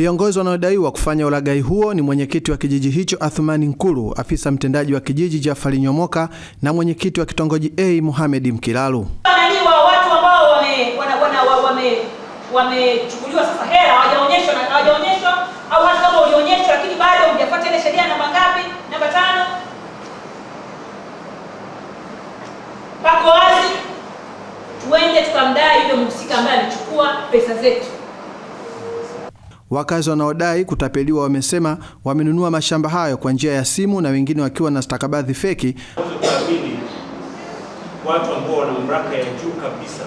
Viongozi wanaodaiwa kufanya ulaghai huo ni mwenyekiti wa kijiji hicho Athumani Nkulu, afisa mtendaji wa kijiji Jafari Nyomoka na mwenyekiti wa kitongoji A Mohamed Mkilalu. Watu ambao wamechukuliwa sasa hela hawajaonyeshwa na hawajaonyeshwa au hata kama ulionyeshwa lakini bado hujafuata ile sheria namba ngapi? Namba tano. Pako wazi, tuende tukamdai yule mhusika ambaye amechukua pesa zetu. Wakazi wanaodai kutapeliwa wamesema wamenunua mashamba hayo kwa njia ya simu na wengine wakiwa na stakabadhi feki. Watu ambao wana mamlaka ya juu kabisa,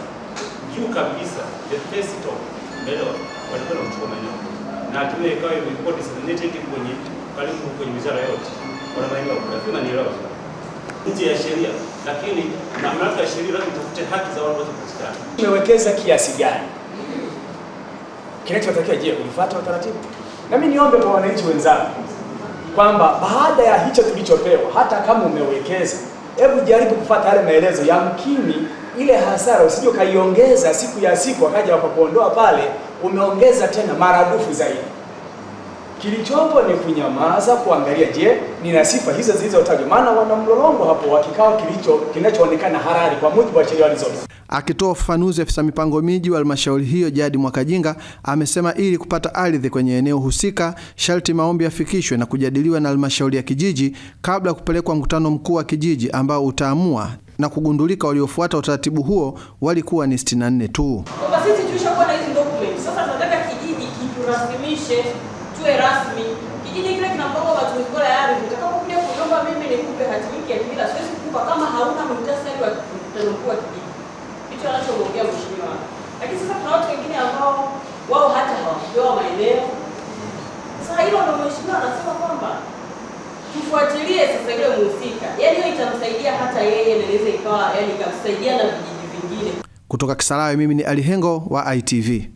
juu kabisa, the best of mbele, walikuwa wanachukua maeneo na tume ikawa imekuwa disseminated kwenye karibu kwenye wizara yote, wana maeneo lazima ni elewa nje ya sheria, lakini mamlaka ya sheria lazima tafute haki za watu wote kupatikana. Tumewekeza kiasi gani? kinachotakiwa je, ulifuata utaratibu? Na mimi niombe kwa wananchi wenzangu kwamba baada ya hicho tulichopewa, hata kama umewekeza, hebu jaribu kufuata yale maelezo. mkini, ile hasara usije ukaiongeza siku ya siku, akaja wakakuondoa pale, umeongeza tena maradufu zaidi. Kilichopo ni kunyamaza, kuangalia, je, nina sifa hizo zilizotajwa? Maana wana mlolongo hapo wa kikao kilicho kinachoonekana halali kwa mujibu wa sheria walizopo Akitoa ufafanuzi, afisa mipango miji wa halmashauri hiyo Jadi Mwakajinga amesema ili kupata ardhi kwenye eneo husika sharti maombi yafikishwe na kujadiliwa na halmashauri ya kijiji kabla ya kupelekwa mkutano mkuu wa kijiji ambao utaamua, na kugundulika waliofuata utaratibu huo walikuwa ni 64 tu. Kama hauna muhtasari wa mkutano mkuu wa kijiji Mheshimiwa, Mheshimiwa. Lakini sasa kuna watu wengine ambao wao hata hawakupewa maeneo. Sasa hilo ndio Mheshimiwa anasema kwamba tufuatilie sasa ile mhusika, yaani hiyo itamsaidia hata yeye naweza ikawa, yaani ikamsaidia na vijiji vingine. Kutoka Kisarawe, mimi ni Alihengo wa ITV.